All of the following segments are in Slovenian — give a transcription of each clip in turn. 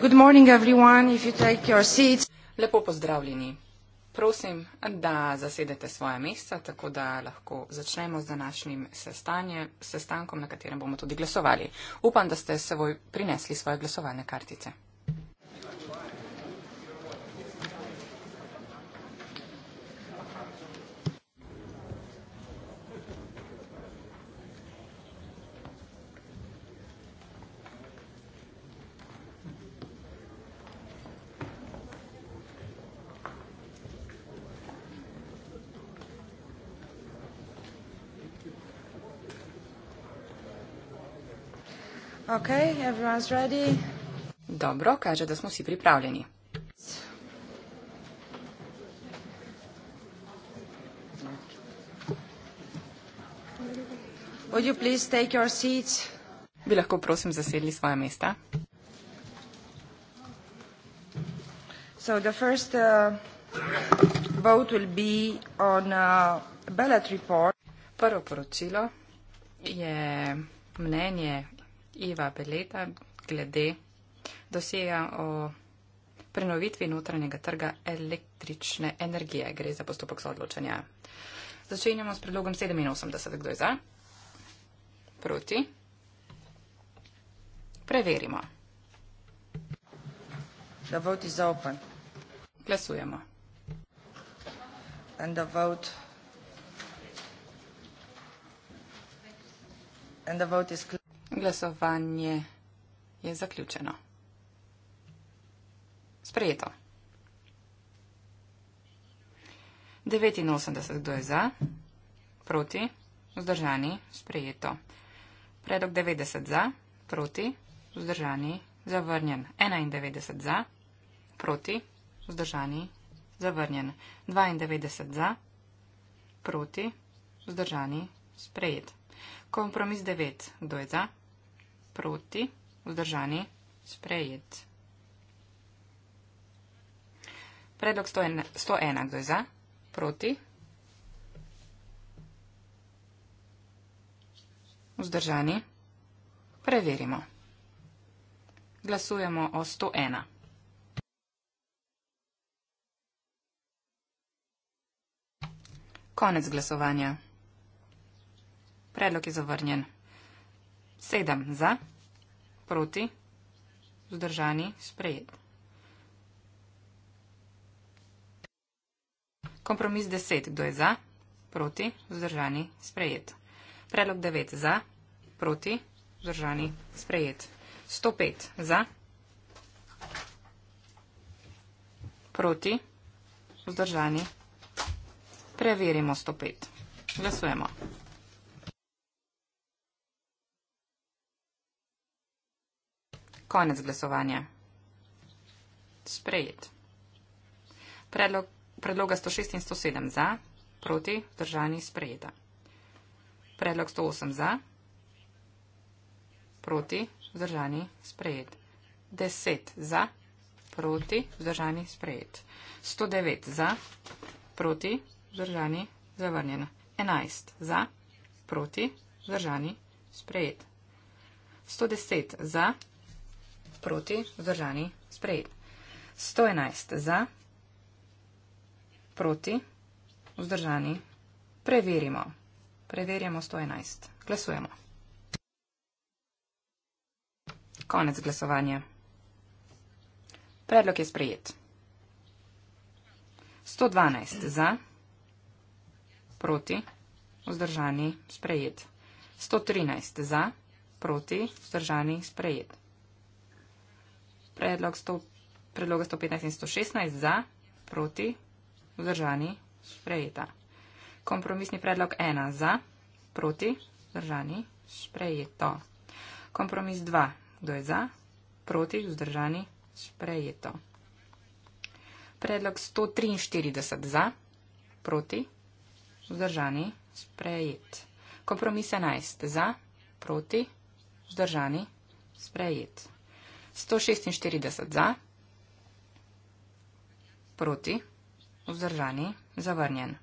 Good morning everyone, if you take your seats. Lepo pozdravljeni. Prosim, da zasedete svoje mesta, tako da lahko začnemo z današnjim sestankom, na katerem bomo tudi glasovali. Upam, da ste s seboj prinesli svoje glasovalne kartice. Okay, everyone's ready. Dobro, kaže, da smo vsi pripravljeni. Would you please take your seats? Bi lahko prosim zasedli svoje mesta? So the first uh, vote will be on uh, ballot report. Prvo poročilo je mnenje Iva Beleta glede dosija o prenovitvi notranjega trga električne energije. Gre za postopek soodločanja. Začenjamo s predlogom 87. Kdo je za? Proti? Preverimo. The vote is open. Glasujemo. And the vote. And the vote is clear. Glasovanje je zaključeno. Sprejeto. 89 kdo je za, proti, vzdržani, sprejeto. Predlog 90 za, proti, vzdržani, zavrnjen. 91 za, proti, vzdržani, zavrnjen. 92 za, proti, vzdržani, sprejet. Kompromis 9, kdo je za? proti, vzdržani, sprejet. Predlog 101, kdo je za, proti, vzdržani, preverimo. Glasujemo o 101. Konec glasovanja. Predlog je zavrnjen. Sedem za, proti, vzdržani, sprejet. Kompromis deset, kdo je za, proti, vzdržani, sprejet. Predlog devet za, proti, vzdržani, sprejet. Sto pet za, proti, vzdržani, preverimo sto pet. Glasujemo. Konec glasovanja. Sprejet. Predlog, predloga 106 in 107 za, proti, držani sprejeta. Predlog 108 za, proti, držani sprejet. 10 za, proti, držani sprejet. 109 za, proti, držani zavrnjen. 11 za, proti, držani sprejet. 110 za, proti, vzdržani, sprejet. 111 za, proti, vzdržani, preverimo. Preverjamo 111. Glasujemo. Konec glasovanja. Predlog je sprejet. 112 za, proti, vzdržani, sprejet. 113 za, proti, vzdržani, sprejet predlog sto, predloga 115 in 116 za, proti, vzdržani, sprejeta. Kompromisni predlog 1 za, proti, vzdržani, sprejeto. Kompromis 2, kdo je za, proti, vzdržani, sprejeto. Predlog 143 za, proti, vzdržani, sprejet. Kompromis 11 za, proti, vzdržani, sprejet. 146 za, proti, vzdržani, zavrnjen.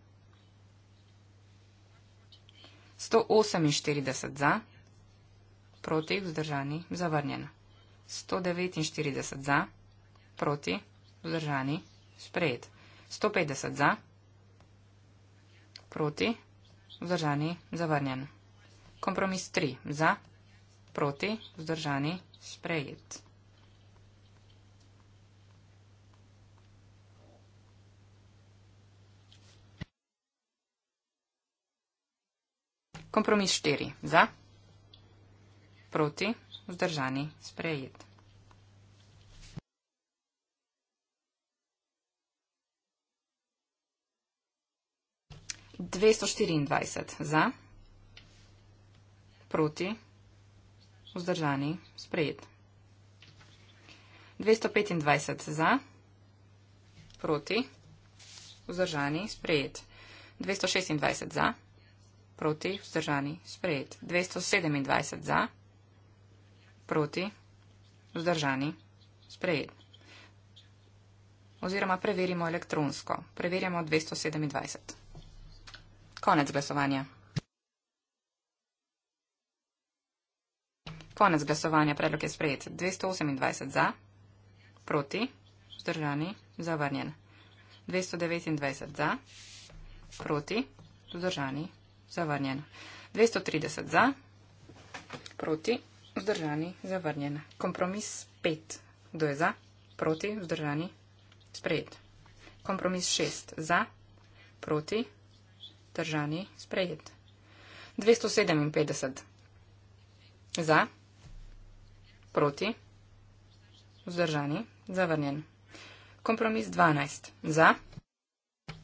148 za, proti, vzdržani, zavrnjen. 149 za, proti, vzdržani, sprejet. 150 za, proti, vzdržani, zavrnjen. Kompromis 3 za, proti, vzdržani, sprejet. Kompromis 4. Za. Proti. Vzdržani. Sprejet. Dvesto štiriindvajset za, proti, vzdržani, sprejet. Dvesto petindvajset za, proti, vzdržani, sprejet. Dvesto šestindvajset za proti, vzdržani, sprejet. 227 za, proti, vzdržani, sprejet. Oziroma preverimo elektronsko. Preverjamo 227. Konec glasovanja. Konec glasovanja. Predlog je sprejet. 228 za, proti, vzdržani, zavrnjen. 229 za, proti, vzdržani, zavrnjen. 230 za, proti, vzdržani, zavrnjen. Kompromis 5. Kdo je za, proti, vzdržani, sprejet. Kompromis 6. Za, proti, vzdržani, sprejet. 257 za, proti, vzdržani, zavrnjen. Kompromis 12. Za,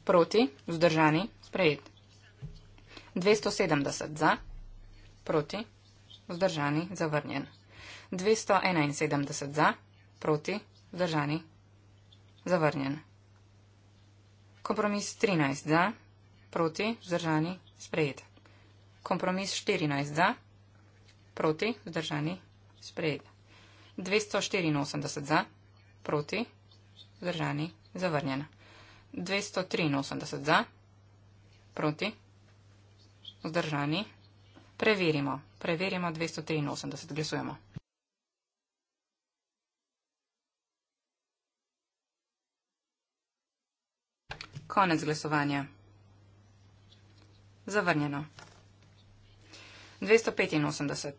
proti, vzdržani, sprejet. 270 za, proti, vzdržani, zavrnjen. 271 za, proti, vzdržani, zavrnjen. Kompromis 13 za, proti, vzdržani, sprejet. Kompromis 14 za, proti, vzdržani, sprejet. 284 za, proti, vzdržani, zavrnjen. 283 za, proti, vzdržani, sprejet. Vzdržani. Preverimo. Preverimo 283. Glasujemo. Konec glasovanja. Zavrnjeno. 285.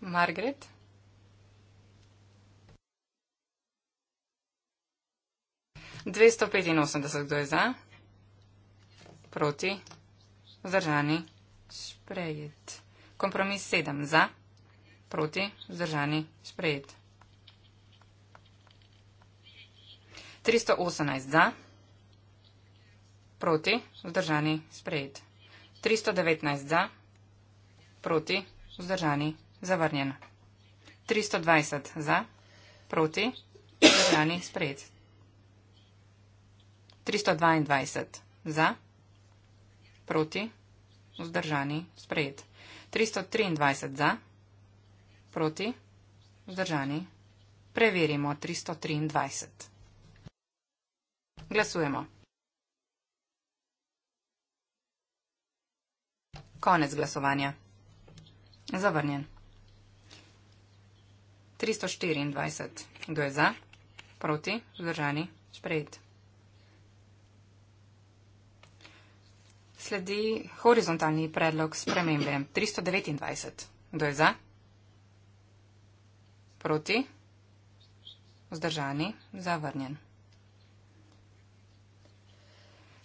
Margaret. Dvesto petinosemdeset, kdo je za? proti, vzdržani, sprejet. Kompromis sedem za, proti, vzdržani, sprejet. 318 za, proti, vzdržani, sprejet. 319 za, proti, vzdržani, zavrnjen. 320 za, proti, vzdržani, sprejet. 322 za, proti, vzdržani, sprejet proti, vzdržani, sprejet. 323 za, proti, vzdržani, preverimo 323. Glasujemo. Konec glasovanja. Zavrnjen. 324. Kdo je za? Proti? Vzdržani? Sprejeti. sledi horizontalni predlog spremembe 329. Kdo je za? Proti? Vzdržani? Zavrnjen.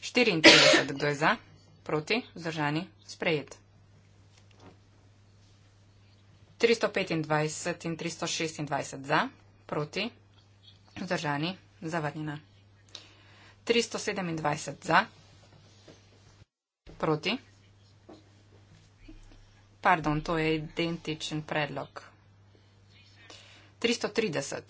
34. Kdo je za? Proti? Vzdržani? Sprejet. 325 in 326 za? Proti? Vzdržani? Zavrnjena. 327 za? Proti? Pardon, to je identičen predlog. 330.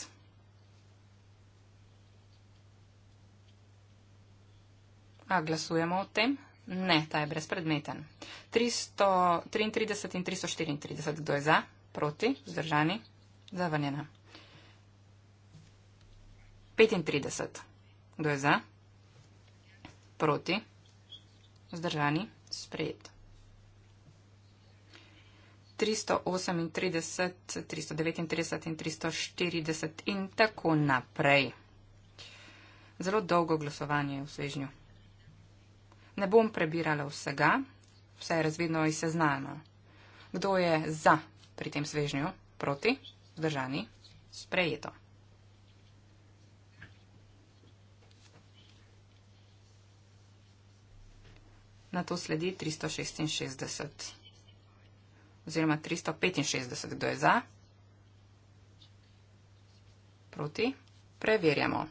A glasujemo o tem? Ne, ta je brezpredmeten. 333 in 334. Kdo je za? Proti? Zdržani? Zavrnjena. 35. Kdo je za? Proti? Vzdržani. Sprejet. 338, 339 in 340 in tako naprej. Zelo dolgo glasovanje je v svežnju. Ne bom prebirala vsega, vse je razvidno in seznano. Kdo je za pri tem svežnju? Proti? Zdržani? Sprejeto. na to sledi 366 oziroma 365, kdo je za, proti, preverjamo.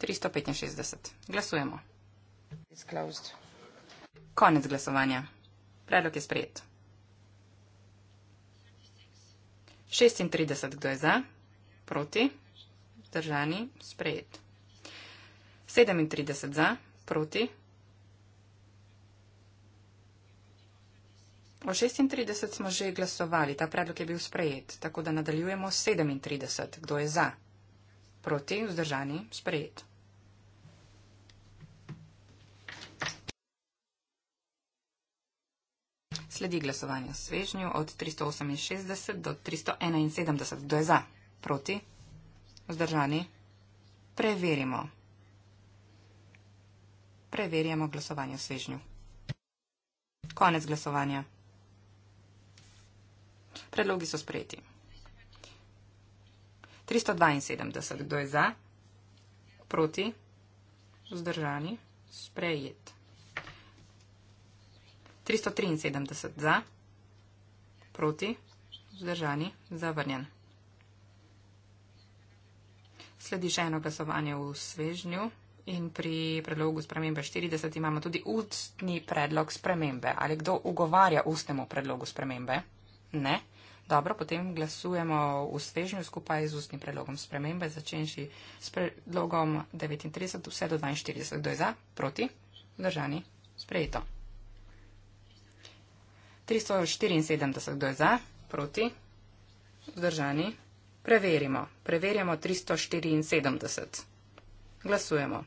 365. Glasujemo. Konec glasovanja. Predlog je sprejet. 36, kdo je za, proti, držani, sprejet. 37 za, proti, O 36 smo že glasovali, ta predlog je bil sprejet, tako da nadaljujemo 37. Kdo je za? Proti, vzdržani, sprejet. Sledi glasovanje s svežnju od 368 do 371. Kdo je za? Proti, vzdržani, preverimo. Preverjamo glasovanje v svežnju. Konec glasovanja. Predlogi so sprejeti. 372. Kdo je za? Proti? Vzdržani? Sprejet. 373. Za? Proti? Vzdržani? Zavrnjen. Sledi še eno glasovanje v svežnju in pri predlogu spremembe 40 imamo tudi ustni predlog spremembe. Ali kdo ugovarja ustnemu predlogu spremembe? Ne. Dobro, potem glasujemo v svežnju skupaj z ustnim predlogom spremembe, začenši s predlogom 39 vse do 42. Kdo je za? Proti? Držani? Sprejeto. 374. Kdo je za? Proti? Zdržani? Preverimo. Preverjamo 374. Glasujemo.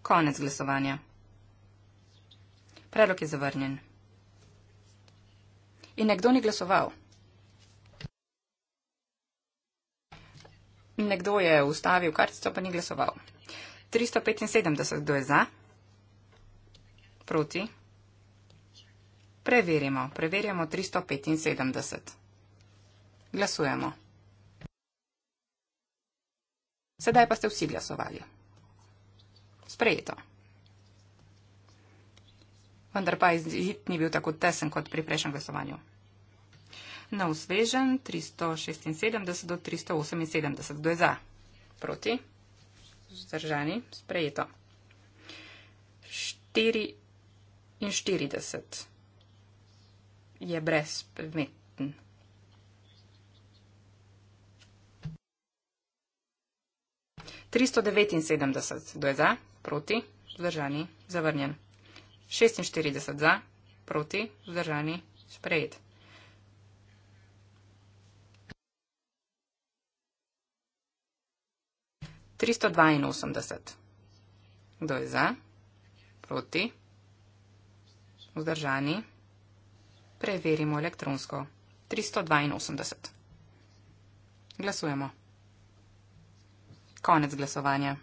Konec glasovanja. Predlog je zavrnjen. In nekdo ni glasoval. Nekdo je ustavil kartico, pa ni glasoval. 375, kdo je za? Proti? Preverimo, preverjamo 375. Glasujemo. Sedaj pa ste vsi glasovali. Sprejeto vendar pa izid ni bil tako tesen kot pri prejšnjem glasovanju. Na usvežen 376 do 378. Kdo je za? Proti? Zdržani? Sprejeto. 44 je brezpredmeten. Tristo devetinsedemdeset, kdo je za? Proti? Zdržani? Zavrnjen. 46 za, proti, vzdržani, sprejet. Tristo dvainosemdeset. Kdo je za? Proti? Vzdržani? Preverimo elektronsko. Tristo dvainosemdeset. Glasujemo. Konec glasovanja.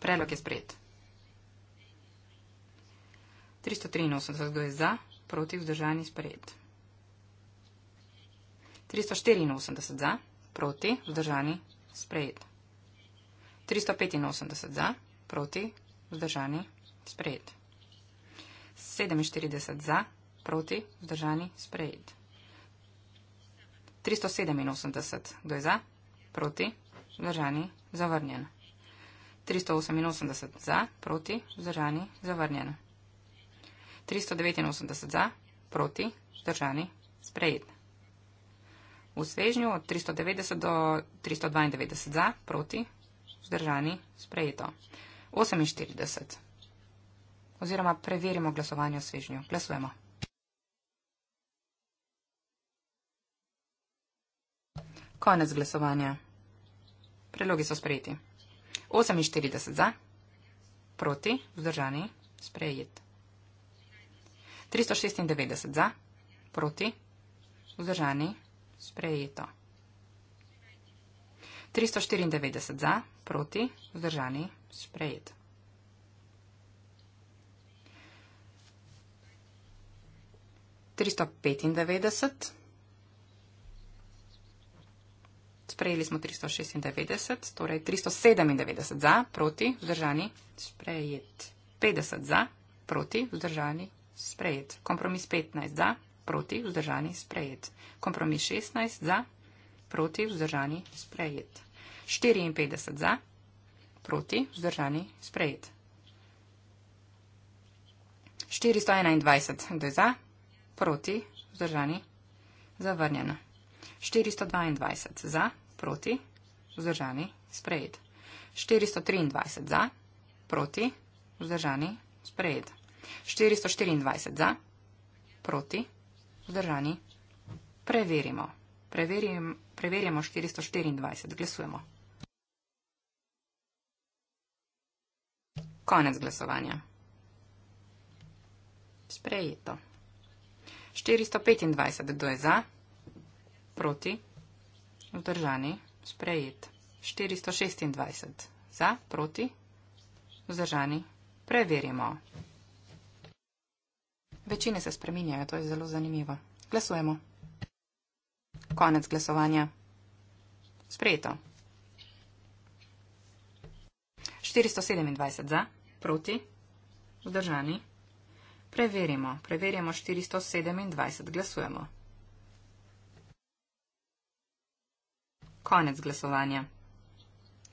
Predlog je sprejet. 383 je za, proti vzdržani sprejet. 384 za, proti vzdržani sprejet. 385 za, proti vzdržani sprejet. 47 za, proti vzdržani sprejet. 387 do je za, proti vzdržani zavrnjen. 388 za, proti vzdržani zavrnjen. 389 za, proti, vzdržani, sprejet. V svežnju od 390 do 392 za, proti, vzdržani, sprejeto. 48. Oziroma preverimo glasovanje v svežnju. Glasujemo. Konec glasovanja. Prelogi so sprejeti. 48 za, proti, vzdržani, sprejeti. 396 za, proti, vzdržani, sprejeto. 394 za, proti, vzdržani, sprejet. Tristo petindevetdeset, sprejeli smo tristo šestindevetdeset, torej tristo sedemindevetdeset za, proti, vzdržani, sprejet. Petdeset za, proti, vzdržani, sprejet. Kompromis 15 za, proti, vzdržani, sprejet. Kompromis 16 za, proti, vzdržani, sprejet. 54 za, proti, vzdržani, sprejet. 421 kdo je za, proti, vzdržani, zavrnjeno. 422 za, proti, vzdržani, sprejet. 423 za, proti, vzdržani, sprejet. 424 za, proti, vzdržani. Preverimo. Preverim, preverimo 424. Glasujemo. Konec glasovanja. Sprejeto. 425. Kdo je za? Proti. Vzdržani. Sprejet. 426. Za? Proti. Vzdržani. Preverimo. Večine se spreminjajo, to je zelo zanimivo. Glasujemo. Konec glasovanja. Sprejeto. 427 za, proti, vzdržani. Preverimo, preverimo 427, glasujemo. Konec glasovanja.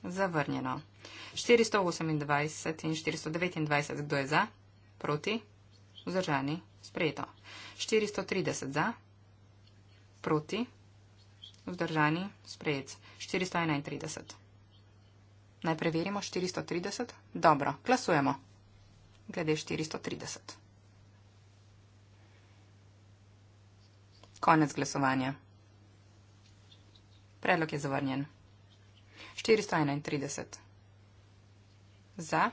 Zavrnjeno. 428 in 429, kdo je za, proti, vzdržani. Sprejeto. 430 za, proti, vzdržani, sprejet. 431. Naj preverimo 430. Dobro, glasujemo. Glede 430. Konec glasovanja. Predlog je zavrnjen. 431. Za.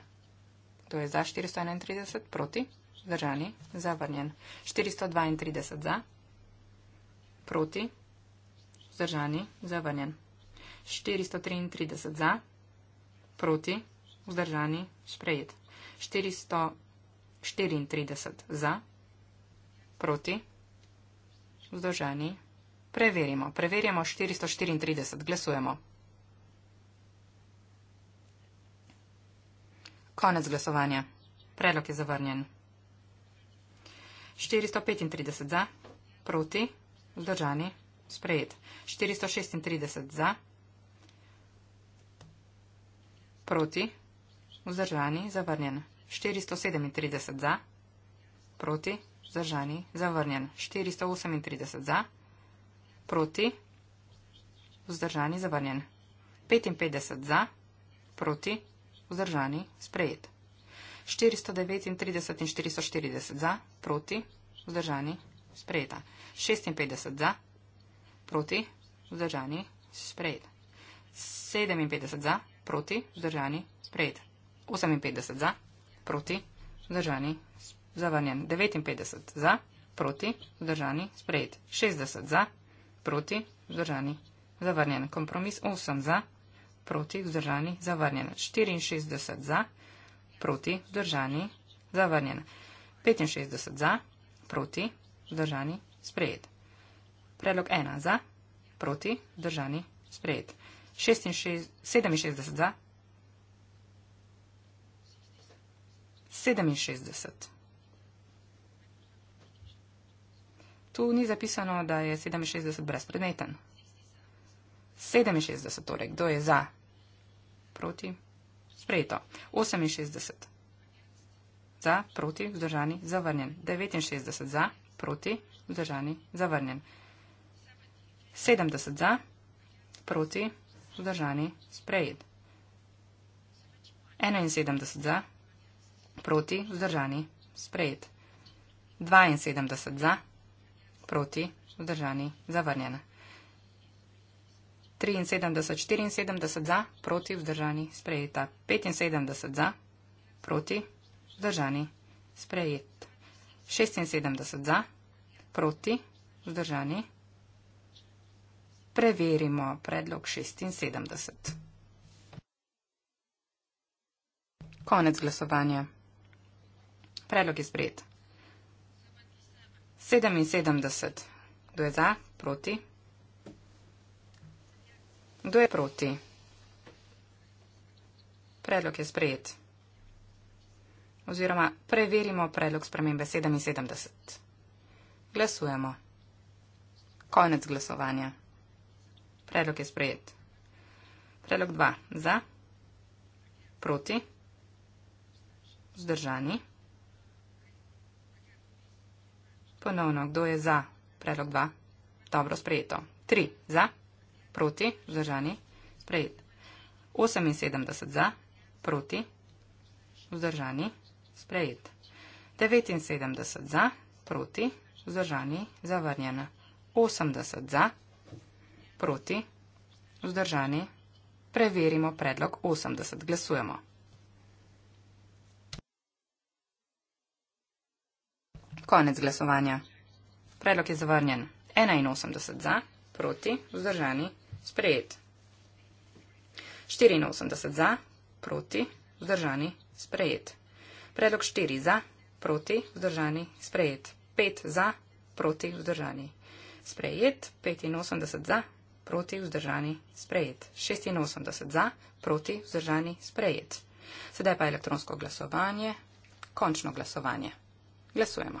To je za 431. Proti. Vzdržani? Zavrnjen. 432 za. Proti? Vzdržani? Zavrnjen. 433 za. Proti? Vzdržani? Sprejet. 434 za. Proti? Vzdržani? Preverimo. Preverjamo 434. Glasujemo. Konec glasovanja. Predlog je zavrnjen. 435 za, proti, vzdržani, sprejet. 436 za, proti, vzdržani, zavrnjen. 437 za, proti, vzdržani, zavrnjen. 438 za, proti, vzdržani, zavrnjen. 55 za, proti, vzdržani, sprejet. 439 in 440 za, proti, vzdržani, sprejeta. 56 za, proti, vzdržani, sprejeta. 57 za, proti, vzdržani, sprejeta. 58 za, proti, vzdržani, zavrnjen. 59 za, proti, vzdržani, sprejet. 60 za, proti, vzdržani, zavrnjen. Kompromis 8 za, proti, vzdržani, zavrnjen. 64 za, proti, vzdržani, zavrnjen proti, držani, zavrnjen. 65 za, proti, držani, sprejet. Predlog 1 za, proti, držani, sprejet. 67 za, 67. Tu ni zapisano, da je 67 brezpredmeten. 67 torej, kdo je za, proti, držani. Sprejeto. 68 za, proti, vzdržani, zavrnjen. 69 za, proti, vzdržani, zavrnjen. 70 za, proti, vzdržani, sprejet. 71 za, proti, vzdržani, sprejet. 72 za, proti, vzdržani, zavrnjen. 73, 74 za, proti vzdržani, sprejeta. 75 za, proti vzdržani, sprejet. 76 za, proti vzdržani. Preverimo predlog 76. Konec glasovanja. Predlog je sprejet. 77 do je za, proti Kdo je proti? Predlog je sprejet. Oziroma, preverimo predlog spremembe 77. Glasujemo. Konec glasovanja. Predlog je sprejet. Predlog 2. Za. Proti. Zdržani. Ponovno, kdo je za predlog 2? Dobro sprejeto. 3. Za proti, vzdržani, sprejet. 78 za, proti, vzdržani, sprejet. 79 za, proti, vzdržani, zavrnjena. 80 za, proti, vzdržani, preverimo predlog 80, glasujemo. Konec glasovanja. Predlog je zavrnjen. 81 za, proti, vzdržani, Sprejet. 84 za, proti, vzdržani, sprejet. Predlog 4 za, proti, vzdržani, sprejet. 5 za, proti, vzdržani, sprejet. 85 za, proti, vzdržani, sprejet. 86 za, proti, vzdržani, sprejet. Sedaj pa elektronsko glasovanje, končno glasovanje. Glasujemo.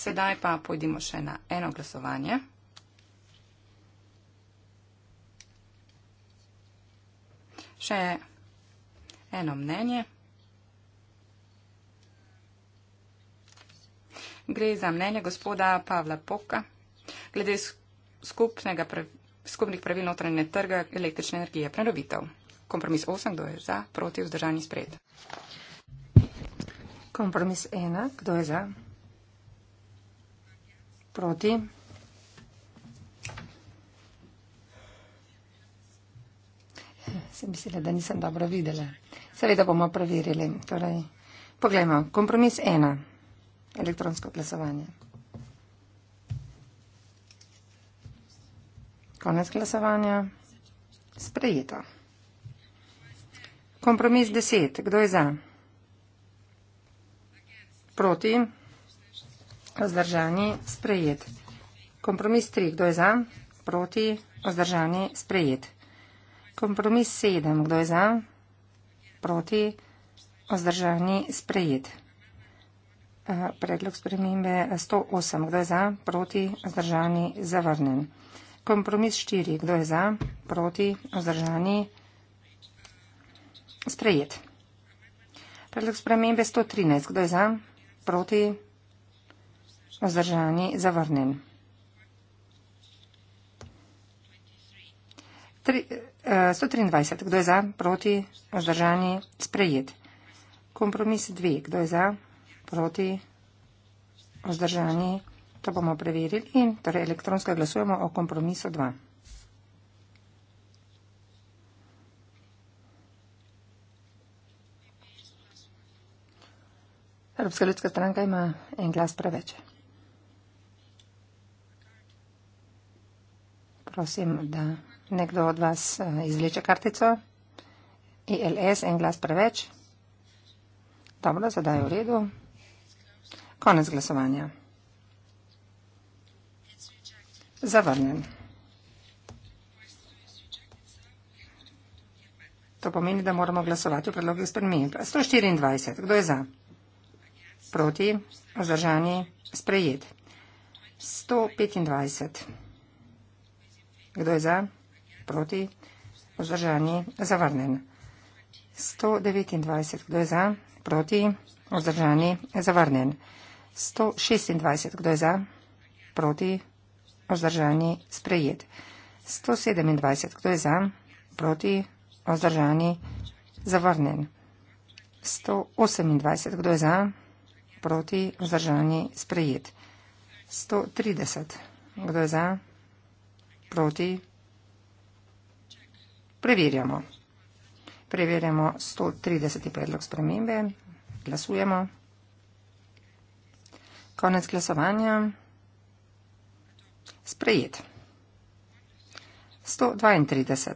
Sedaj pa pojdimo še na eno glasovanje. Še eno mnenje. Gre za mnenje gospoda Pavla Poka glede skupnega prav, skupnih pravil notranje trga električne energije prenovitev. Kompromis 8, kdo je za, proti vzdržani spred. Kompromis 1, kdo je za? Proti. Sem mislila, da nisem dobro videla. Seveda bomo preverili. Torej, poglejmo, kompromis ena, elektronsko glasovanje. Konec glasovanja. Sprejeto. Kompromis deset. Kdo je za? Proti. Vzdržani sprejet. Kompromis 3. Kdo je za? Proti. Vzdržani sprejet. Kompromis 7. Eh, Kdo je za? Proti. Vzdržani sprejet. Predlog spremembe 108. Kdo je za? Proti. Vzdržani zavrnen. Kompromis 4. Kdo je za? Proti. Vzdržani sprejet. Predlog spremembe 113. Kdo je za? Proti. Vzdržani zavrnjen. Tri, eh, 123. Kdo je za? Proti? Vzdržani sprejet. Kompromis 2. Kdo je za? Proti? Vzdržani. To bomo preverili. In, torej elektronsko glasujemo o kompromisu 2. Evropska ljudska stranka ima en glas preveč. prosim, da nekdo od vas eh, izleče kartico. ILS, en glas preveč. Dobro, zadaj v redu. Konec glasovanja. Zavrnen. To pomeni, da moramo glasovati v predlogih sprememb. 124. Kdo je za? Proti? Ozdržani? Sprejet. 125. Kdo je za? Proti? Vzdržani? Zavrnen. 129. Kdo je za? Proti? Vzdržani? Zavrnen. 126. Kdo je za? Proti? Vzdržani? Sprejet. 127. Kdo je za? Proti? Vzdržani? Zavrnen. 128. Kdo je za? Proti? Vzdržani? Sprejet. 130. Kdo je za? Proti? proti. Preverjamo. Preverjamo 130. predlog spremembe. Glasujemo. Konec glasovanja. Sprejet. 132.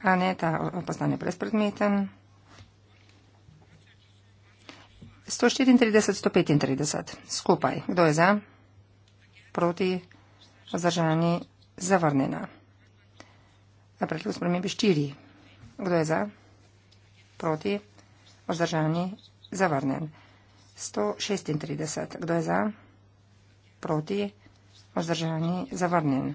A ne, ta postane brezpredmeten. 134, 135. Skupaj. Kdo je za? Proti. Vzdržanje zavrnjena. Na predlog spremembe štiri. Kdo je za? Proti. Vzdržanje zavrnjen. 136. Kdo je za? Proti. Vzdržanje zavrnjen.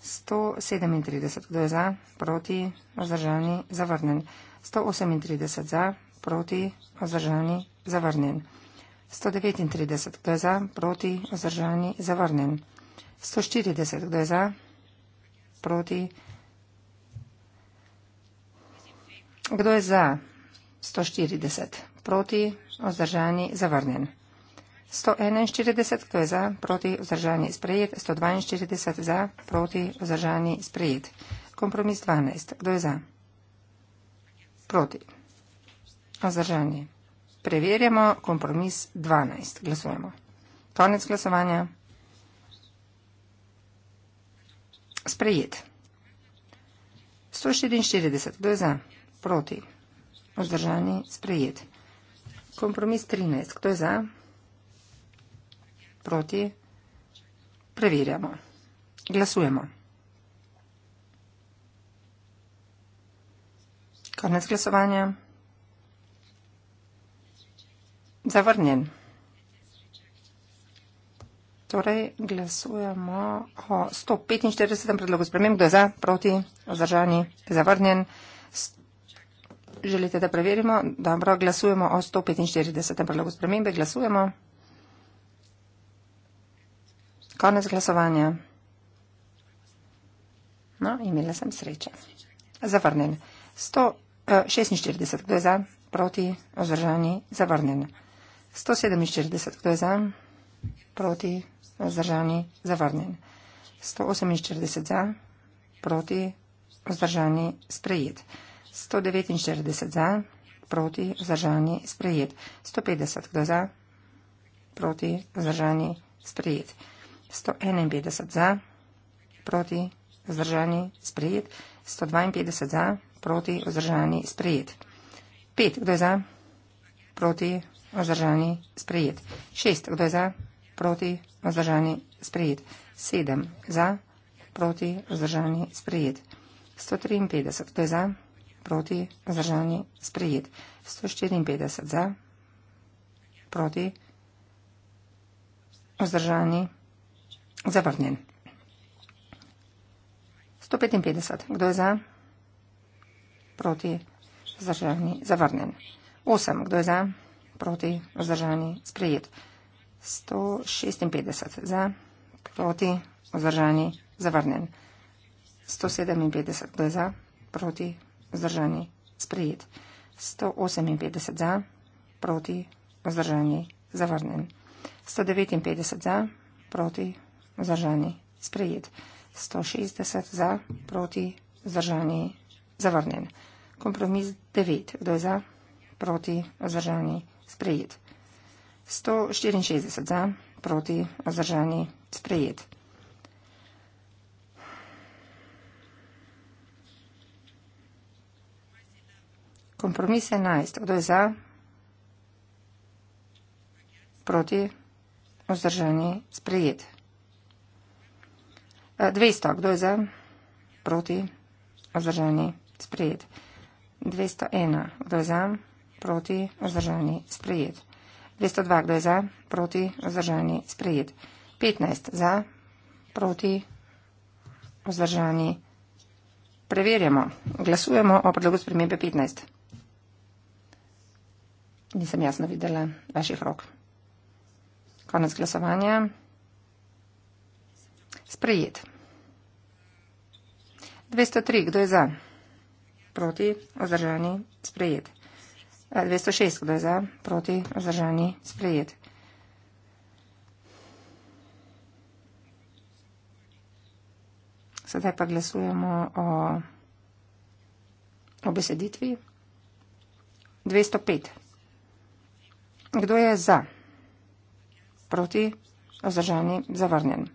137. Kdo je za? Proti. Vzdržanje zavrnjen. 138. Za. Proti. Vzdržanje zavrnjen. 139. Kdo je za? Proti. Vzdržanje zavrnjen. 140, kdo je za? Proti? Kdo je za? 140, proti? Ozdržani, zavrnjen. 141, kdo je za? Proti? Ozdržani, sprejet. 142, za? Proti? Ozdržani, sprejet. Kompromis 12, kdo je za? Proti? Ozdržani. Preverjamo kompromis 12. Glasujemo. Konec glasovanja. Sprejet. 144. Kdo je za? Proti. Vzdržani. Sprejet. Kompromis 13. Kdo je za? Proti. Preverjamo. Glasujemo. Konec glasovanja. Zavrnjen. Torej, glasujemo o 145 predlogu spremem, kdo je za, proti, vzdržani, zavrnjen. Želite, da preverimo? Dobro, glasujemo o 145 predlogu spremembe. Glasujemo. Konec glasovanja. No, imela sem srečo. Zavrnen. 146, eh, kdo je za, proti, vzdržani, zavrnen. 147, kdo je za, proti, vzdržani. Vzdržani, zavrnjen. 148 za, proti, vzdržani, sprejet. 149 za, proti, vzdržani, sprejet. 150 kdo za, proti, vzdržani, sprejet. 151 za, proti, vzdržani, sprejet. 152 za, proti, vzdržani, sprejet. 5 kdo za, proti, vzdržani, sprejet. 6 kdo za, proti, vzdržani, sprejet vzdržani sprejet. 7 za, proti, vzdržani sprejet. 153, to je za, proti, vzdržani sprejet. 154 za, proti, vzdržani, zavrnjen. 155, kdo je za, proti, vzdržani, zavrnjen. 8, kdo je za, proti, vzdržani, sprejet. 156 za, proti, vzdržani, zavrnen. 157 za, proti, vzdržani, sprejet. 158 za, proti, vzdržani, zavrnen. 159 za, proti, vzdržani, sprejet. 160 za, proti, vzdržani, zavrnen. Kompromis 9. Kdo je za? Proti, vzdržani, sprejet. 164 za, proti, vzdržani, sprejet. Kompromis 11. Kdo je za? Proti. Vzdržani. Sprejet. 200. E, Kdo je za? Proti. Vzdržani. Sprejet. 201. Kdo je za? Proti. Vzdržani. Sprejet. 202. 202, kdo je za, proti, vzdržani, sprejet. 15 za, proti, vzdržani. Preverjamo. Glasujemo o predlogu spremembe 15. Nisem jasno videla vaših rok. Konec glasovanja. Sprejet. 203, kdo je za? Proti, vzdržani, sprejet. 204. 206 eh, kdo je za, proti, vzdržani, sprejet. Sedaj pa glasujemo o obeseditvi. 205. Kdo je za, proti, vzdržani, zavrnjen.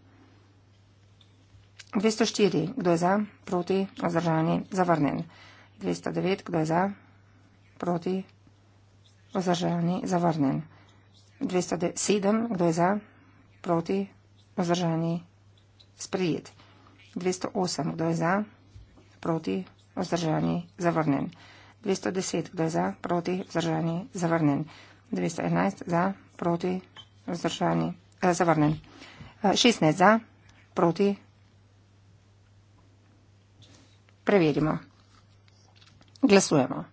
204. Kdo je za, proti, vzdržani, zavrnjen. 209. Kdo je za, proti, vzdržani. Vzdržani zavrnjen. 207, kdo je za? Proti. Vzdržani sprejet. 208, kdo je za? Proti. Vzdržani zavrnjen. 210, kdo je za? Proti. Vzdržani zavrnjen. 211, za? Proti. Vzdržani eh, zavrnjen. 16 eh, za, proti. Preverimo. Glasujemo.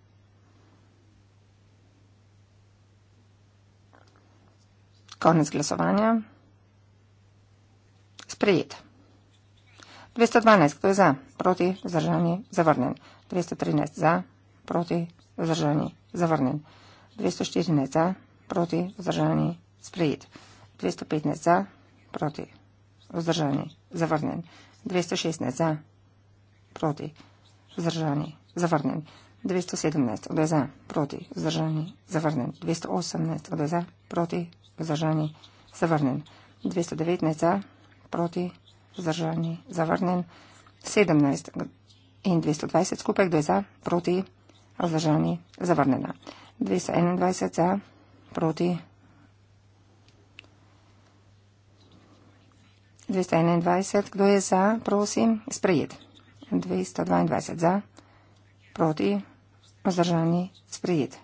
Konec glasovanja. Sprejet. 212, kdo je za? Proti, vzdržani, zavrnen. 213 za, proti, vzdržani, zavrnen. 214 za, proti, vzdržani, sprejet. 215 za, proti, vzdržani, zavrnen. 216 za, proti, vzdržani, zavrnen. 217 odeza, proti, vzdržani, zavrnen. 218 odeza, proti, vzdržani, zavrnjen. 219 za, proti, vzdržani, zavrnjen. 17 in 220 skupaj, kdo je za, proti, vzdržani, zavrnjena. 221 za, proti, 221, kdo je za, prosim, sprejet. 222 za, proti, vzdržani, sprejet.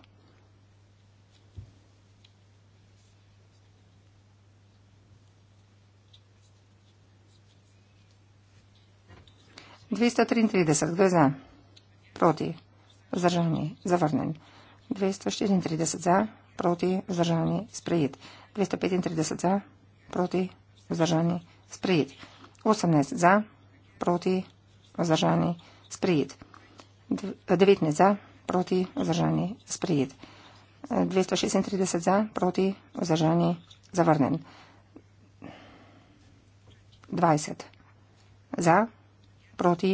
233, kdo je za? Proti. Zdržani. Zavrnen. 234 za. Proti. Zdržani. Sprejet. 235 za. Proti. Zdržani. Sprejet. 18 za. Proti. Zdržani. Sprejet. 19 za. Proti. Zdržani. Sprejet. 236 za. Proti. Zdržani. Zavrnen. 20 za proti.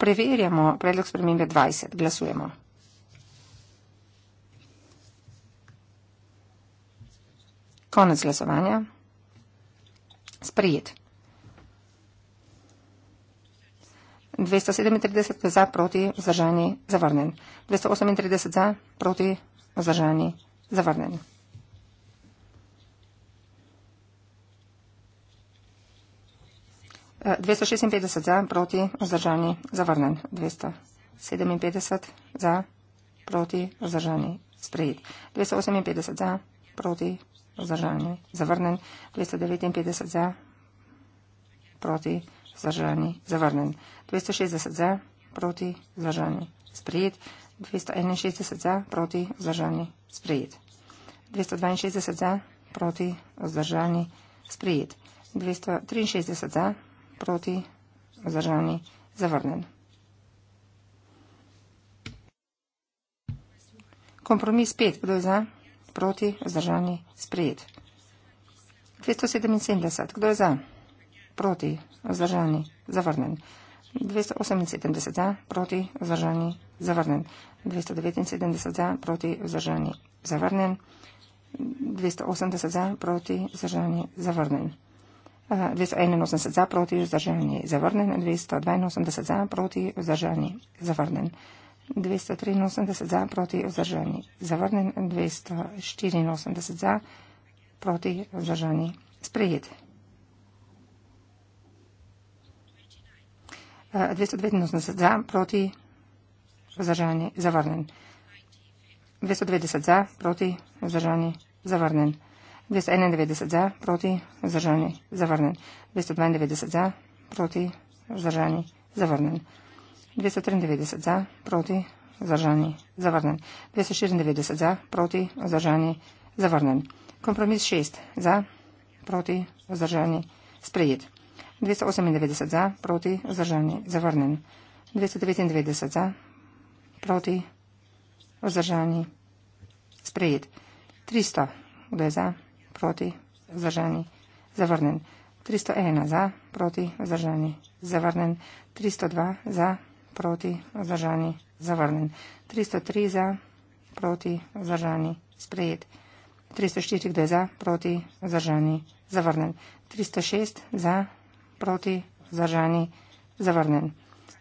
Preverjamo predlog spremembe 20. Glasujemo. Konec glasovanja. Sprijet. 237 za proti vzdržani zavrnen. 238 za proti vzdržani zavrnen. 256 za, proti, vzdržani, zavrnen. 257 za, proti, vzdržani, sprejet. 258 za, proti, vzdržani, zavrnen. 259 za, proti, vzdržani, zavrnen. 260 za, proti, vzdržani, sprejet. 261 za, proti, vzdržani, sprejet. 262 za, proti, vzdržani, sprejet. 263 za, proti vzdržani zavrnen. Kompromis pet, kdo je za, proti vzdržani sprejet. 277, kdo je za, proti vzdržani zavrnen. 278 za, proti vzdržani zavrnen. 279 za, proti vzdržani zavrnen. 280 za, proti vzdržani zavrnen. 281 za proti, vzdržani zavrnen, 282 za proti, vzdržani zavrnen. 283 za proti, vzdržani zavrnen, 284 za proti, vzdržani sprejet. 289 za proti, vzdržani zavrnen. 290 za proti, vzdržani zavrnen. 291 za, proti, vzdržani, zavrnen. 292 za, proti, vzdržani, zavrnen. 293 za, proti, vzdržani, zavrnen. 294 za, proti, vzdržani, zavrnen. Kompromis 6 za, proti, vzdržani, sprejet. 298 za, proti, vzdržani, zavrnen. 299 za, proti, vzdržani, sprejet. 300, kdo je za? proti, vzdržani, zavrnen. 301 za, proti, vzdržani, zavrnen. 302 za, proti, vzdržani, zavrnen. 303 za, proti, vzdržani, sprejet. 304 kdo je za, proti, vzdržani, zavrnen. 306 za, proti, vzdržani, zavrnen.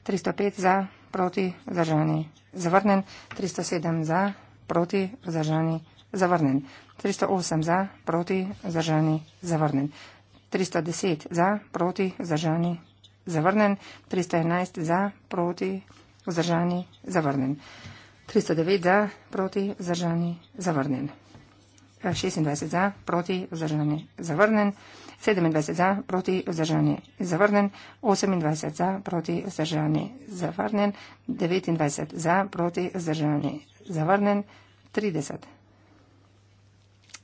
305 za, proti, vzdržani, zavrnen. 307 za, proti, vzdržani, zavrnen zavrnjen. 308 za, proti, zdržani, zavrnjen. 310 za, proti, zdržani, zavrnjen. 311 za, proti, vzdržani, zavrnjen. 309 za, proti, vzdržani, zavrnjen. 26 za, proti, vzdržani, zavrnjen. 27 za, proti, vzdržani, zavrnjen. 28 eh, za, proti, vzdržani, zavrnjen. 29 za, proti, vzdržani, zavrnjen. 30 za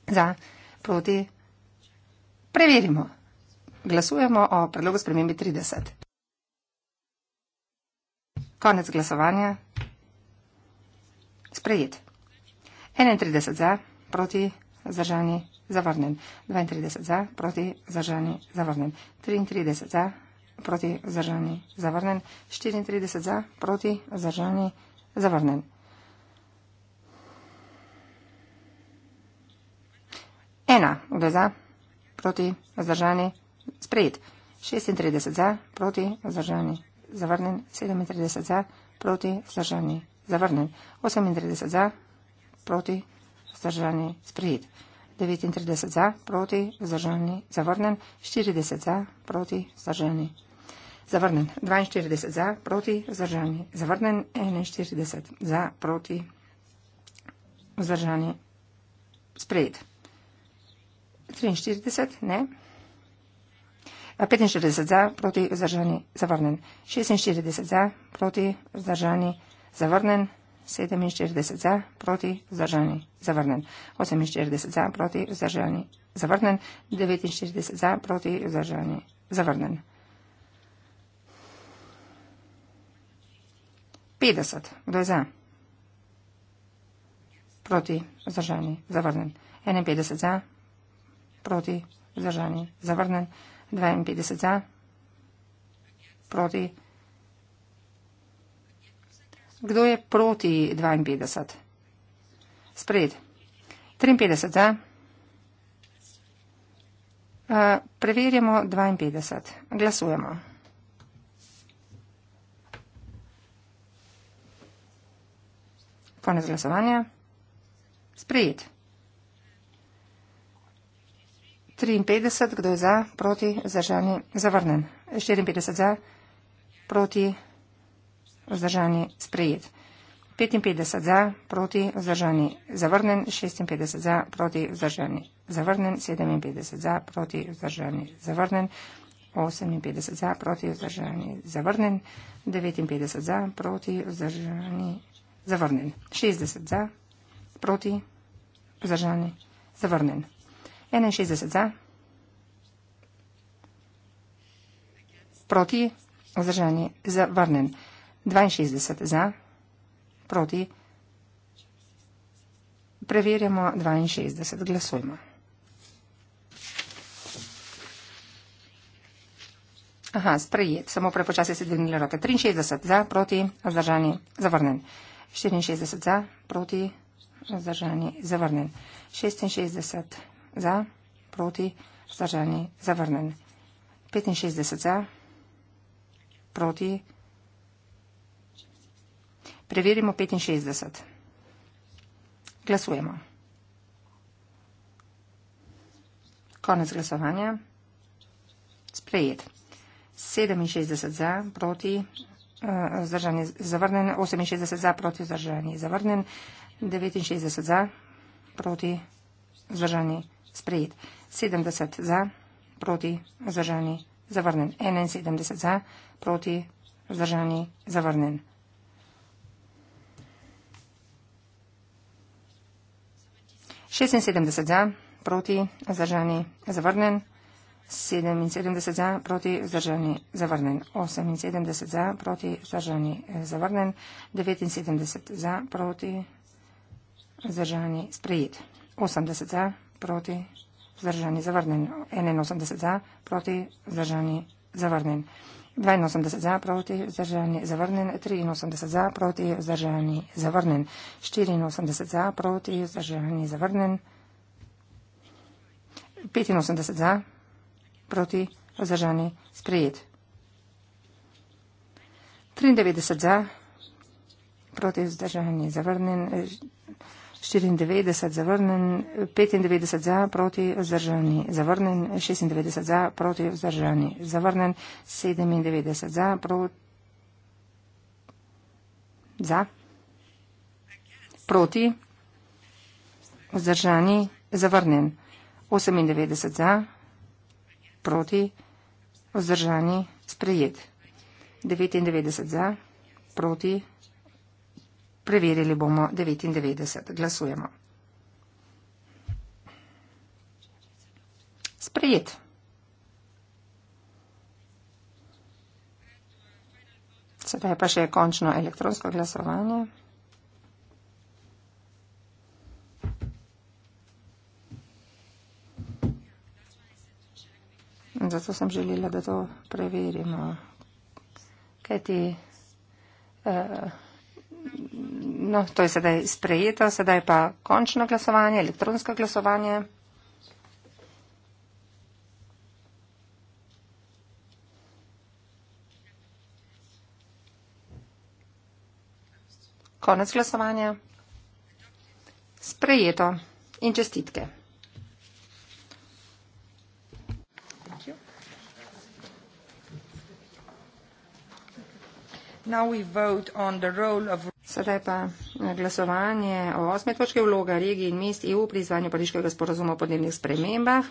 za, proti. Preverimo. Glasujemo o predlogu spremembi 30. Konec glasovanja. Sprejet. 31 za, proti, zdržani, zavrnen. 32 za, proti, zdržani, zavrnen. 33 za, proti, zdržani, zavrnen. 34 za, proti, zdržani, zavrnen. ena glas za, proti, zdržani, sprejet. 36 za, proti, zdržani, zavrnen. 37 za, proti, zdržani, zavrnen. 38 za, proti, zdržani, sprejet. 39 za, proti, zdržani, zavrnen. 40 za, proti, zdržani, zavrnen. 42 za, proti, zdržani, zavrnen. 41 za, proti, zdržani, sprejet. 43, ne. 45 za, proti vzdržani, zavrnen. 46 za, proti vzdržani, zavrnen. 47 za, proti vzdržani, zavrnen. 48 za, proti vzdržani, zavrnen. 49 za, proti vzdržani, zavrnen. 50, kdo je za? Proti vzdržani, zavrnen. 51 za, proti vzdržani. Zavrnen 52 za, proti. Kdo je proti 52? Spred. 53 za. Uh, preverjamo 52. Glasujemo. Konec glasovanja. Sprejet. 53, kdo je za, proti, vzdržani, zavrnen. 54 za, proti, vzdržani, sprejet. 55 za, proti, vzdržani, zavrnen. 56 za, proti, vzdržani, zavrnen. 57 za, proti, vzdržani, zavrnen. 58 za, proti, vzdržani, zavrnen. 59 za, proti, vzdržani, zavrnen. 60 za, proti, vzdržani, zavrnen. 60 za, proti, vzdržani, zavrnen. 61 za. Proti vzdržanje zavrnen. 62 za. Proti. Preverjamo 62. Glasujmo. Aha, sprejet. Samo prepočasi se dvignili roke. 63 za, proti, zdržani, zavrnen. 64 za, proti, zdržani, zavrnen. 66 za, proti, vzdržani, zavrnen. 65 za, proti. Preverimo 65. Glasujemo. Konec glasovanja. Sprejet. 67 eh, za, proti, vzdržani, zavrnen. 68 za, proti, vzdržani, zavrnen. 69 za, proti, vzdržani, zavrnen sprejet. 70 za, proti, vzdržani, zavrnen. 71 za, proti, vzdržani, zavrnen. Šestinsedemdeset za, proti, zdržani, zavrnen. Sedeminsedemdeset za, proti, zdržani, zavrnen. Oseminsedemdeset za, proti, zdržani, zavrnen. Devetinsedemdeset za, proti, zdržani, sprejet. Osemdeset za, proti zdržani zavrnen. 81 za proti zdržani zavrnen. 82 za proti zdržani zavrnen. 83 za proti zdržani zavrnen. 84 za proti zdržani zavrnen. 85 za proti zdržani sprejet. 93 za proti zdržani zavrnen. 94 zavrnen, 95 za, proti vzdržani, zavrnen, 96 za, proti vzdržani, zavrnen, 97 za, proti, za, proti, vzdržani, zavrnen, 98 za, proti, vzdržani, sprejet, 99 za, proti, vzdržani, Preverili bomo 99. Glasujemo. Sprejet. Sedaj pa še končno elektronsko glasovanje. Zato sem želela, da to preverimo. Kaj ti? Uh, eh, No, to je sedaj sprejeto, sedaj pa končno glasovanje, elektronsko glasovanje. Konec glasovanja. Sprejeto in čestitke. Sedaj pa glasovanje o osme točke vloga regij in mest EU pri izvanju pariškega sporozuma o podnebnih spremembah.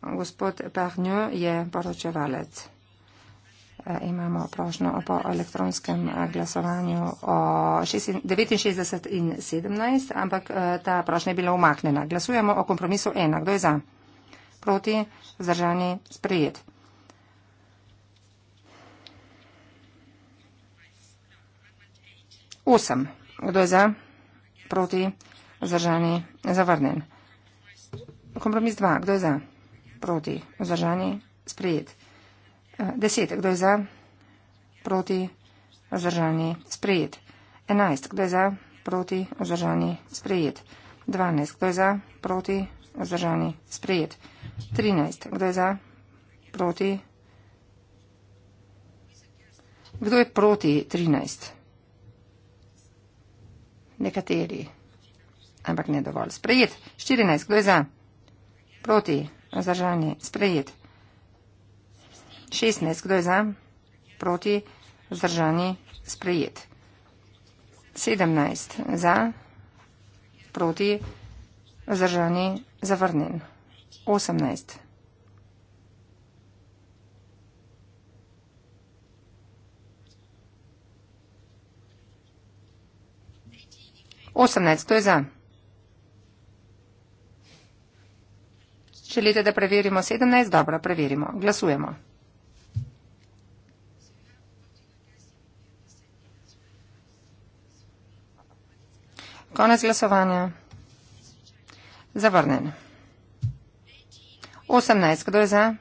Gospod Pahnjo je poročevalec. E, imamo prošno po elektronskem e, glasovanju o 69 in 17, ampak e, ta prošnja je bila umaknjena. Glasujemo o kompromisu ena. Kdo je za? Proti? Zdržani? Sprejet. 8. Kdo je za? Proti? Zdržani? Zavrnen. Kompromis 2. Kdo je za? Proti? Zdržani? Sprejet. 10. Eh, Kdo je za? Proti? Zdržani? Sprejet. 11. Kdo je za? Proti? Zdržani? Sprejet. 12. Kdo je za? Proti? Zdržani? Sprejet. 13. Kdo je za? Proti? Kdo je proti 13? nekateri. Ampak ne dovolj. Sprejet. 14. Kdo je za? Proti. Zdržani. Sprejet. 16. Kdo je za? Proti. Zdržani. Sprejet. 17. Za. Proti. Zdržani. Zavrnjen. 18. 18, to je za. Želite, da preverimo 17? Dobro, preverimo. Glasujemo. Konec glasovanja. Zavrnen. 18, kdo je za?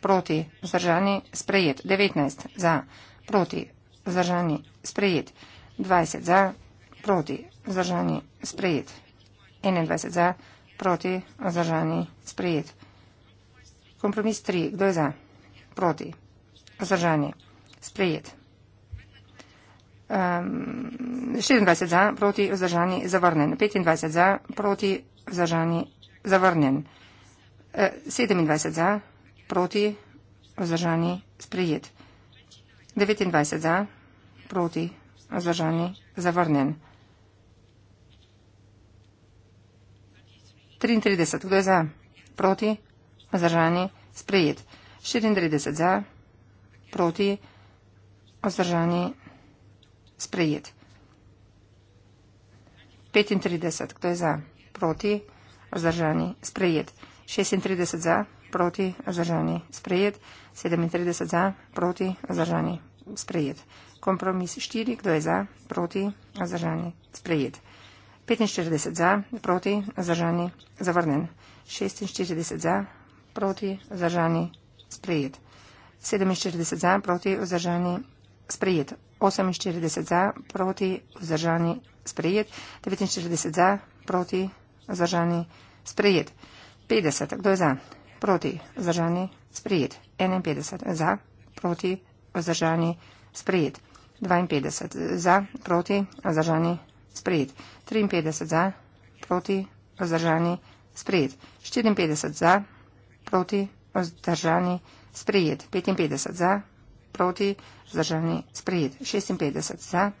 Proti, vzdržani, sprejet. 19, za, proti, vzdržani, sprejet. 20, za, proti vzdržani sprejet. 21 za, proti vzdržani sprejet. Kompromis 3. Kdo je za? Proti. Vzdržani. Sprejet. Um, ehm, 26 za, proti vzdržani zavrnen. 25 za, proti vzdržani zavrnen. E, 27 za, proti vzdržani sprejet. 29 za, proti vzdržani zavrnen. 33. Kdo je za? Proti? Vzdržani? Sprejet. 34. Za? Proti? Vzdržani? Sprejet. 35. Kdo je za? Proti? Vzdržani? Sprejet. 36. Za? Proti? Vzdržani? Sprejet. 37. Za? Proti? Vzdržani? Sprejet. Kompromis 4. Kdo je za? Proti? Vzdržani? Sprejet. 45 za, proti, zdržani, zavrnen. 46 za, proti, zdržani, sprejet. 47 za, proti, vzdržani, sprejet. 48 za, proti, vzdržani, sprejet. 49 za, proti, vzdržani, sprejet. 50, kdo je za, proti, vzdržani, sprejet. 51 za, proti, vzdržani, sprejet. 52 za, proti, vzdržani, sprejet sprejet. 53 za, proti, vzdržani, sprejet. 54 za, proti, vzdržani, sprejet. 55 za, proti, vzdržani, sprejet. 56 za,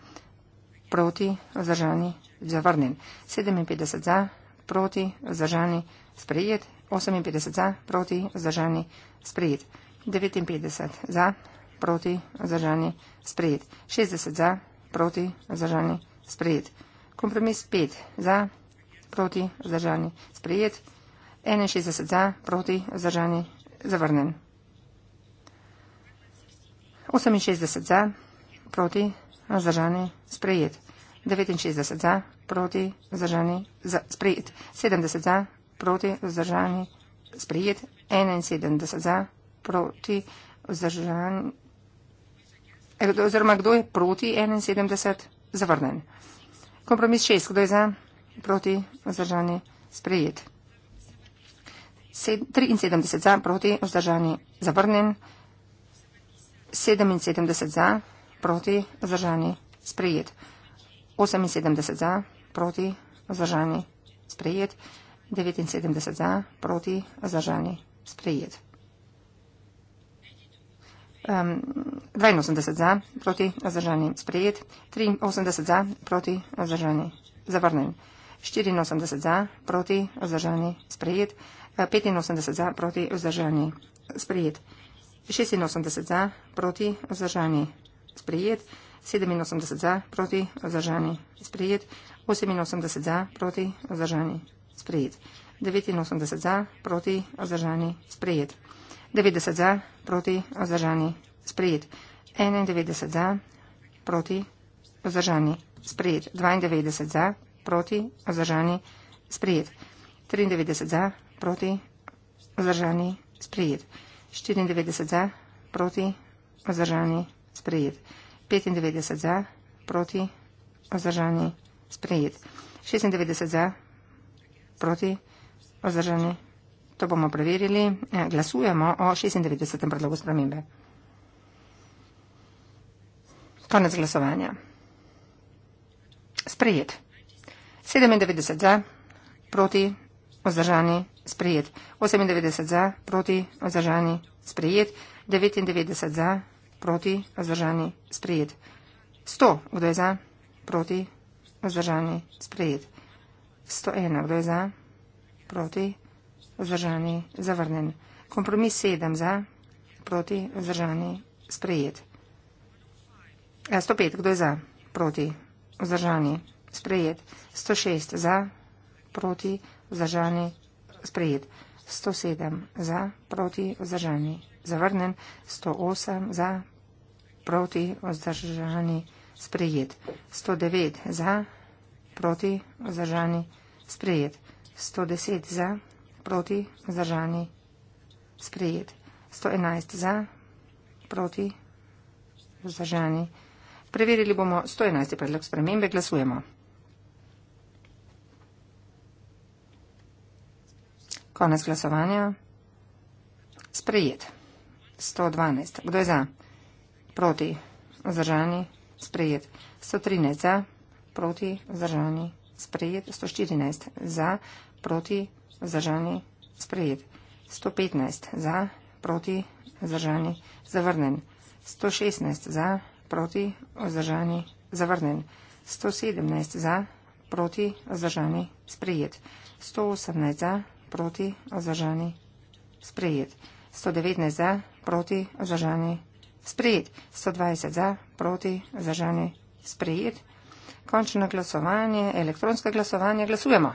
proti, vzdržani, zavrnen. 57 za, proti, vzdržani, sprejet. 58 za, proti, vzdržani, sprejet. 59 za, proti, vzdržani, sprejet. 60 za, proti, vzdržani, sprejet. Kompromis 5 za, proti, vzdržani, sprejet. 61 za, proti, vzdržani, zavrnen. 68 za, proti, vzdržani, sprejet. 69 za, proti, vzdržani, za, sprejet. 70 za, proti, vzdržani, sprejet. 71 za, proti, vzdržani, oziroma kdo je proti 71, zavrnen. Kompromis šest, kdo je za, proti, vzdržani, sprejet. 73 za, proti, vzdržani, zavrnjen. 77 za, proti, vzdržani, sprejet. 78 za, proti, vzdržani, sprejet. 79 za, proti, vzdržani, sprejet. Um, 82 za, proti, zdržani, sprejet. 83 za, proti, zdržani, zavrnen. 84 za, proti, zdržani, sprejet. 85 za, proti, zdržani, sprejet. 86 za, proti, zdržani, sprejet. 87 za, proti, zdržani, sprejet. 88 za, proti, zdržani, sprejet. 89 za, proti, zdržani, sprejet. 90 za, proti, vzdržani, sprejet. 91 za, proti, vzdržani, sprejet. 92 za, proti, vzdržani, sprejet. 93 za, proti, vzdržani, sprejet. 94 za, proti, vzdržani, sprejet. 95 za, proti, vzdržani, sprejet. 96 za, proti, vzdržani, sprejet. To bomo preverili. Eh, glasujemo o 96. predlogu spremembe. Konec glasovanja. Sprejet. 97 za, proti, vzdržani, sprejet. 98 za, proti, vzdržani, sprejet. 99 za, proti, vzdržani, sprejet. 100, kdo je za, proti, vzdržani, sprejet. 101, kdo je za, proti, vzdržani, sprejet vzdržani, zavrnjen. Kompromis sedem za, proti, vzdržani, sprejet. 105, eh, kdo je za, proti, vzdržani, sprejet. 106, za, proti, vzdržani, sprejet. 107, za, proti, vzdržani, zavrnjen. 108, za, proti, vzdržani, sprejet. 109, za, proti, vzdržani, sprejet. 110, za, proti, vzdržani, sprejet. 110, za, proti, zdržani, sprejet. 111 za, proti, zdržani. Preverili bomo 111. predlog spremembe, glasujemo. Konec glasovanja. Sprejet. 112. Kdo je za? Proti. Zdržani. Sprejet. 113. Za. Proti. Zdržani. Sprejet. 114. Za. Proti. Zdržani sprejet. 115 za, proti, zdržani zavrnen. 116 za, proti, vzdržani zavrnen. 117 za, proti, vzdržani sprejet. 118 za, proti, vzdržani sprejet. 119 za, proti, vzdržani sprejet. 120 za, proti, vzdržani sprejet. Končno glasovanje, elektronsko glasovanje, glasujemo.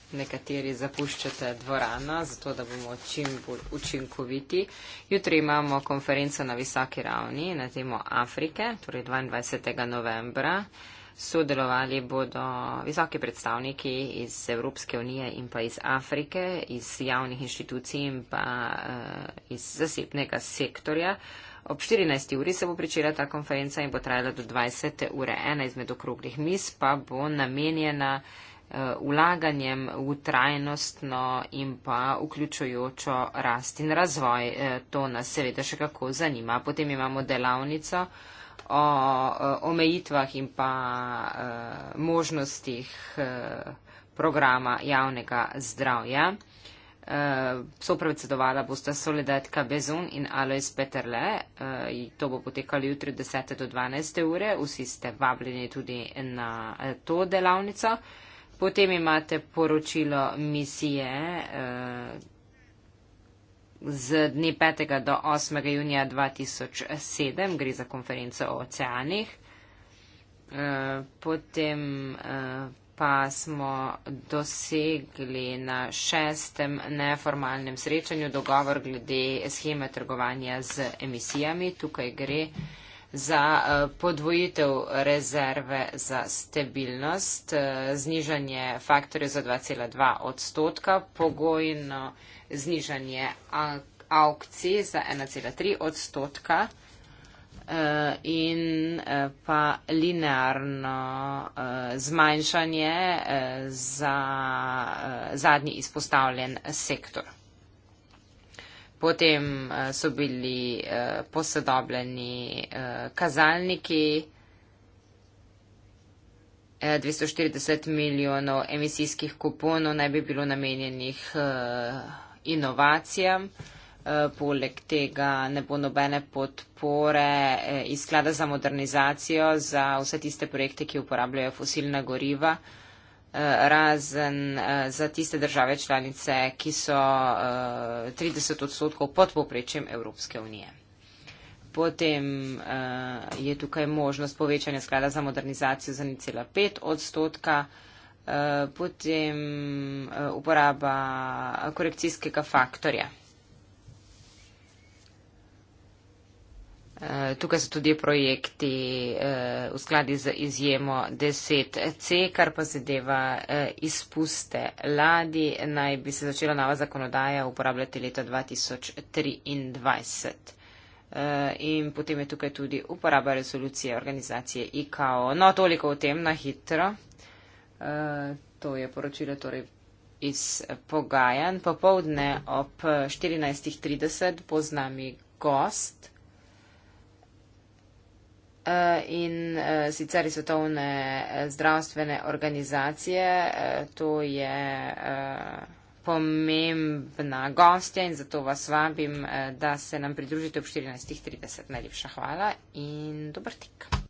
nekateri zapuščate dvorano, zato da bomo čim bolj učinkoviti. Jutri imamo konferenco na visoki ravni na temo Afrike, torej 22. novembra. Sodelovali bodo visoki predstavniki iz Evropske unije in pa iz Afrike, iz javnih inštitucij in pa uh, iz zasebnega sektorja. Ob 14. uri se bo pričela ta konferenca in bo trajala do 20. ure. Ena izmed okroglih mis pa bo namenjena uh, Eh, vlaganjem v trajnostno in pa vključujočo rast in razvoj. Eh, to nas seveda še kako zanima. Potem imamo delavnico o eh, omejitvah in pa možnostih programa javnega zdravja. Sopredsedovala bosta Soledadka Bezun in Alois Peterle. To bo potekalo jutri od 10. do 12. ure. Vsi ste vabljeni tudi na to delavnico potem imate poročilo misije eh, z dne 5. do 8. junija 2007, gre za konferenco o oceanih. Eh, potem eh, pa smo dosegli na šestem neformalnem srečanju dogovor glede scheme trgovanja z emisijami. Tukaj gre za eh, podvojitev rezerve za stabilnost, eh, znižanje faktorja za 2,2 odstotka, pogojno znižanje aukcij za 1,3 odstotka eh, in pa linearno zmanjšanje za zadnji izpostavljen sektor. Potem uh, so bili uh, posodobljeni uh, kazalniki. 240 milijonov emisijskih kuponov naj bi bilo namenjenih uh, inovacijam. Uh, poleg tega ne bo nobene podpore uh, iz sklada za modernizacijo za vse tiste projekte, ki uporabljajo fosilna goriva. Uh, razen eh, za tiste države članice, ki so 30 eh, odstotkov pod poprečjem Evropske unije. Potem eh, je tukaj možnost povečanja sklada za modernizacijo za 0,5 odstotka, potem uporaba korekcijskega faktorja. Eh, tukaj so tudi projekti eh, v skladi z izjemo 10C, kar pa zadeva eh, izpuste ladi. Naj bi se začela nova zakonodaja uporabljati leta 2023. In potem je tukaj tudi uporaba resolucije organizacije IKO. No, toliko o tem na hitro. To je poročilo torej iz pogajanj. Popovdne ob 14.30 poznami gost. Eh, in eh, sicer iz svetovne eh, zdravstvene organizacije. To je pomembna gostja in zato vas vabim, da se nam pridružite ob 14.30. Najlepša hvala in dober tek.